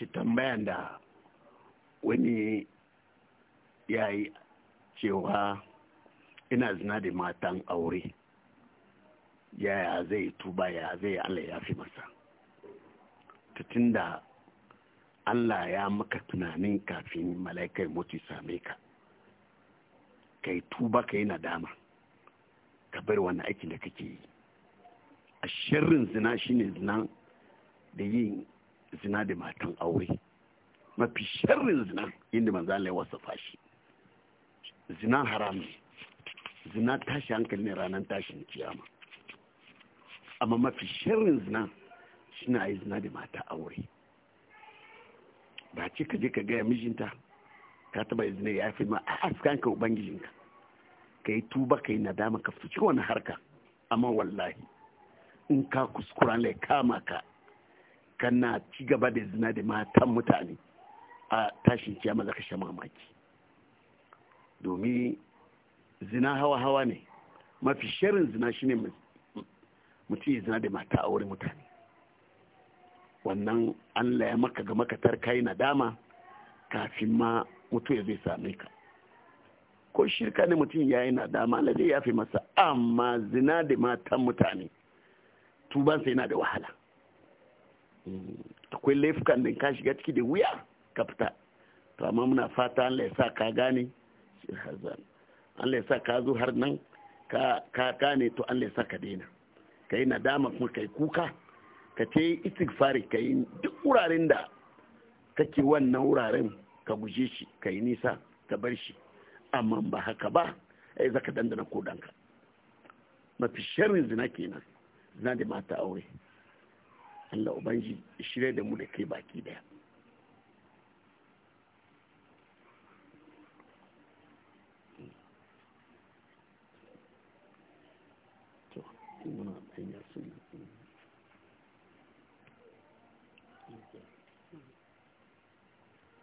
shi tambayan da wani ya yi cewa ina zina da matan aure yaya zai tuba ya zai allah ya fi masa tutun da allah ya maka tunanin kafin mala'ikai mutu same ka ka yi tuba ka yi nadama ka bar wani aikin da kake yi a shirin zina shine zina da yin zina da matan aure mafi sharrin zina inda manzo Allah ya wasafa shi zina haram zina tashi hankali ne ranar tashin kiyama amma mafi sharrin zina shine ayi zina da mata aure ba ce ka je ka gaya mijinta ka taba zina ya fi ma a ka. ubangijinka ka yi tuba ka yi nadama ka fi cikin wani harka amma wallahi in ka kuskura lai kama ka kana ci gaba da zina da matan mutane a tashin kiyama maza ka mamaki domin zina hawa-hawa ne mafi shirin zina shi ne mutum zina da mata a wurin mutane wannan allah ya maka ga makatar kai dama kafin ma mutu ya zai same ka ko shirka ne mutum ya yi dama allah zai yafe masa amma zina da matan mutane tubansa yana da wahala akwai laifukan da ka shiga ciki da wuya ka fita to amma muna fata Allah ya sa ka gane shi hazan Allah ya sa ka zo har nan ka gane to Allah ya sa ka daina kai nadama kuma kai kuka ka ce istighfari kai duk wuraren da kake wannan wuraren ka guje shi kai nisa ka bar shi amma ba haka ba ai zaka dandana kodanka mafi sharrin zina kenan zina da mata aure Allah ubanji shirya da mu da kai baki daya